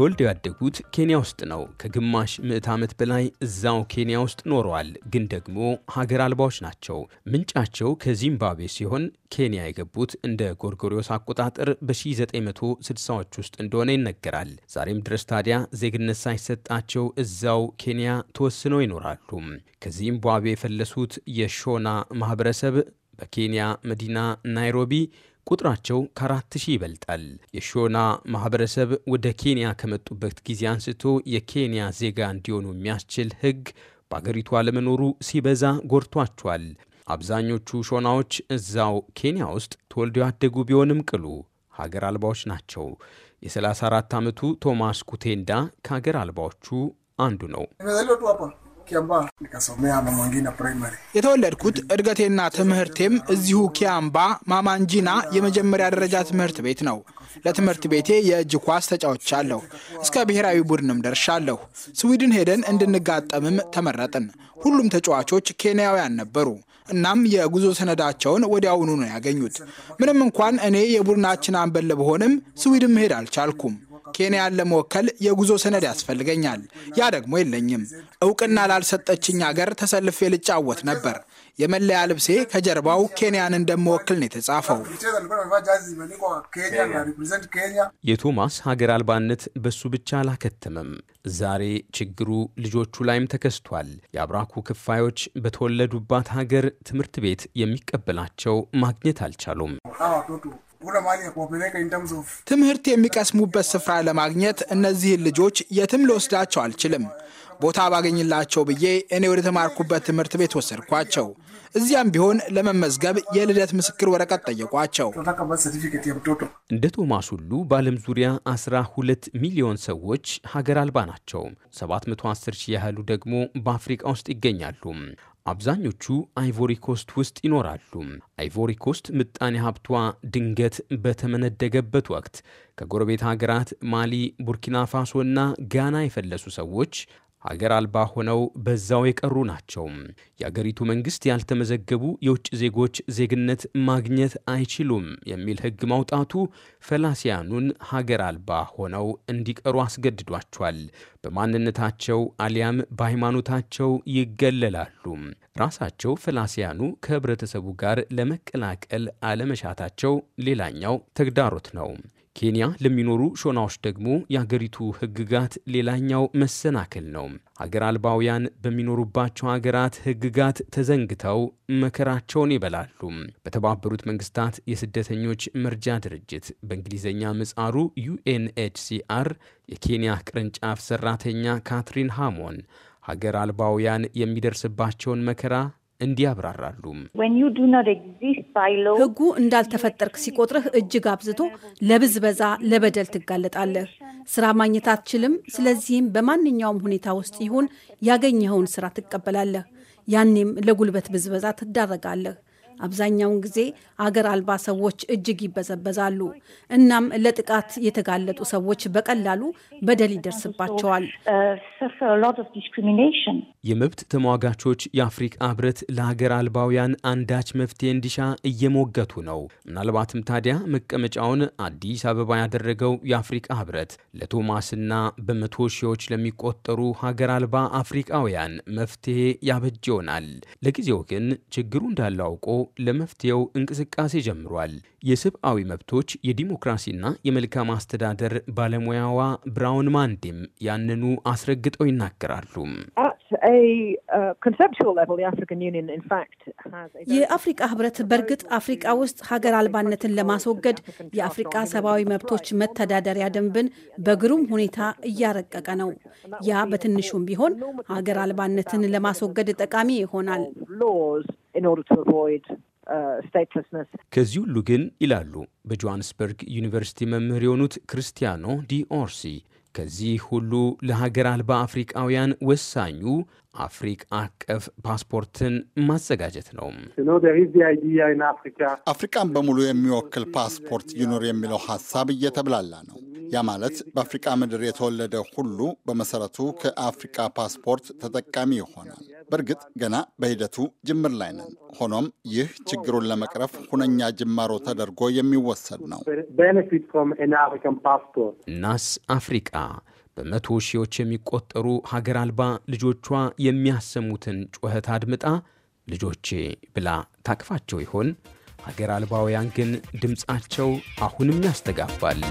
ተወልደው ያደጉት ኬንያ ውስጥ ነው። ከግማሽ ምዕት ዓመት በላይ እዛው ኬንያ ውስጥ ኖረዋል። ግን ደግሞ ሀገር አልባዎች ናቸው። ምንጫቸው ከዚምባብዌ ሲሆን ኬንያ የገቡት እንደ ጎርጎሪዮስ አቆጣጠር በ1960ዎች ውስጥ እንደሆነ ይነገራል። ዛሬም ድረስ ታዲያ ዜግነት ሳይሰጣቸው እዛው ኬንያ ተወስነው ይኖራሉ። ከዚምባብዌ የፈለሱት የሾና ማህበረሰብ በኬንያ መዲና ናይሮቢ ቁጥራቸው ከአራት ሺህ ይበልጣል። የሾና ማህበረሰብ ወደ ኬንያ ከመጡበት ጊዜ አንስቶ የኬንያ ዜጋ እንዲሆኑ የሚያስችል ሕግ በአገሪቱ አለመኖሩ ሲበዛ ጎድቷቸዋል። አብዛኞቹ ሾናዎች እዛው ኬንያ ውስጥ ተወልደው ያደጉ ቢሆንም ቅሉ ሀገር አልባዎች ናቸው። የ34 ዓመቱ ቶማስ ኩቴንዳ ከሀገር አልባዎቹ አንዱ ነው። ኪያምባ ኒካሶሜያ ማማንጂና ፕራይማሪ የተወለድኩት እድገቴና ትምህርቴም እዚሁ ኪያምባ ማማንጂና የመጀመሪያ ደረጃ ትምህርት ቤት ነው። ለትምህርት ቤቴ የእጅ ኳስ አለሁ እስከ ብሔራዊ ቡድንም ደርሻለሁ። ስዊድን ሄደን እንድንጋጠምም ተመረጥን። ሁሉም ተጫዋቾች ኬንያውያን ነበሩ። እናም የጉዞ ሰነዳቸውን ወዲያውኑ ነው ያገኙት። ምንም እንኳን እኔ የቡድናችን አንበል ብሆንም ስዊድን መሄድ አልቻልኩም። ኬንያን ለመወከል የጉዞ ሰነድ ያስፈልገኛል። ያ ደግሞ የለኝም። እውቅና ላልሰጠችኝ አገር ተሰልፌ ልጫወት ነበር። የመለያ ልብሴ ከጀርባው ኬንያን እንደመወክል ነው የተጻፈው። የቶማስ ሀገር አልባነት በሱ ብቻ አላከተመም። ዛሬ ችግሩ ልጆቹ ላይም ተከስቷል። የአብራኩ ክፋዮች በተወለዱባት ሀገር ትምህርት ቤት የሚቀበላቸው ማግኘት አልቻሉም። ትምህርት የሚቀስሙበት ስፍራ ለማግኘት እነዚህን ልጆች የትም ልወስዳቸው አልችልም። ቦታ ባገኝላቸው ብዬ እኔ ወደ ተማርኩበት ትምህርት ቤት ወሰድኳቸው። እዚያም ቢሆን ለመመዝገብ የልደት ምስክር ወረቀት ጠየቋቸው። እንደ ቶማስ ሁሉ በዓለም ዙሪያ 12 ሚሊዮን ሰዎች ሀገር አልባ ናቸው። 710 ሺህ ያህሉ ደግሞ በአፍሪቃ ውስጥ ይገኛሉ። አብዛኞቹ አይቮሪኮስት ውስጥ ይኖራሉ። አይቮሪኮስት ምጣኔ ሀብቷ ድንገት በተመነደገበት ወቅት ከጎረቤት ሀገራት ማሊ፣ ቡርኪና እና ጋና የፈለሱ ሰዎች ሀገር አልባ ሆነው በዛው የቀሩ ናቸው። የአገሪቱ መንግስት ያልተመዘገቡ የውጭ ዜጎች ዜግነት ማግኘት አይችሉም የሚል ሕግ ማውጣቱ ፈላሲያኑን ሀገር አልባ ሆነው እንዲቀሩ አስገድዷቸዋል። በማንነታቸው አሊያም በሃይማኖታቸው ይገለላሉ። ራሳቸው ፈላሲያኑ ከህብረተሰቡ ጋር ለመቀላቀል አለመሻታቸው ሌላኛው ተግዳሮት ነው። ኬንያ ለሚኖሩ ሾናዎች ደግሞ የአገሪቱ ሕግጋት ሌላኛው መሰናክል ነው። ሀገር አልባውያን በሚኖሩባቸው ሀገራት ሕግጋት ተዘንግተው መከራቸውን ይበላሉ። በተባበሩት መንግስታት የስደተኞች መርጃ ድርጅት በእንግሊዝኛ ምጻሩ ዩኤንኤችሲአር የኬንያ ቅርንጫፍ ሰራተኛ ካትሪን ሃሞን ሀገር አልባውያን የሚደርስባቸውን መከራ እንዲህ ህጉ እንዳልተፈጠርክ ሲቆጥርህ እጅግ አብዝቶ ለብዝበዛ፣ ለበደል ትጋለጣለህ። ስራ ማግኘት አትችልም። ስለዚህም በማንኛውም ሁኔታ ውስጥ ይሁን ያገኘኸውን ስራ ትቀበላለህ። ያኔም ለጉልበት ብዝበዛ ትዳረጋለህ። አብዛኛውን ጊዜ አገር አልባ ሰዎች እጅግ ይበዘበዛሉ። እናም ለጥቃት የተጋለጡ ሰዎች በቀላሉ በደል ይደርስባቸዋል። የመብት ተሟጋቾች የአፍሪካ ህብረት ለሀገር አልባውያን አንዳች መፍትሄ እንዲሻ እየሞገቱ ነው። ምናልባትም ታዲያ መቀመጫውን አዲስ አበባ ያደረገው የአፍሪካ ህብረት ለቶማስና በመቶ ሺዎች ለሚቆጠሩ ሀገር አልባ አፍሪካውያን መፍትሄ ያበጅ ይሆናል። ለጊዜው ግን ችግሩ እንዳለ አውቆ ለመፍትሄው እንቅስቃሴ ጀምሯል። የሰብአዊ መብቶች የዲሞክራሲና የመልካም አስተዳደር ባለሙያዋ ብራውን ማንዲም ያንኑ አስረግጠው ይናገራሉ። uh, የአፍሪቃ ህብረት በእርግጥ አፍሪቃ ውስጥ ሀገር አልባነትን ለማስወገድ የአፍሪቃ ሰብአዊ መብቶች መተዳደሪያ ደንብን በግሩም ሁኔታ እያረቀቀ ነው። ያ በትንሹም ቢሆን ሀገር አልባነትን ለማስወገድ ጠቃሚ ይሆናል። Uh, ከዚህ ሁሉ ግን ይላሉ በጆሃንስበርግ ዩኒቨርሲቲ መምህር የሆኑት ክርስቲያኖ ዲኦርሲ ከዚህ ሁሉ ለሀገር አልባ አፍሪቃውያን ወሳኙ አፍሪቃ አቀፍ ፓስፖርትን ማዘጋጀት ነው። አፍሪቃን በሙሉ የሚወክል ፓስፖርት ይኑር የሚለው ሀሳብ እየተብላላ ነው። ያ ማለት በአፍሪቃ ምድር የተወለደ ሁሉ በመሰረቱ ከአፍሪቃ ፓስፖርት ተጠቃሚ ይሆናል። በእርግጥ ገና በሂደቱ ጅምር ላይ ነን። ሆኖም ይህ ችግሩን ለመቅረፍ ሁነኛ ጅማሮ ተደርጎ የሚወሰድ ነው። ናስ አፍሪቃ በመቶ ሺዎች የሚቆጠሩ ሀገር አልባ ልጆቿ የሚያሰሙትን ጩኸት አድምጣ ልጆቼ ብላ ታቅፋቸው ይሆን? ሀገር አልባውያን ግን ድምፃቸው አሁንም ያስተጋባል።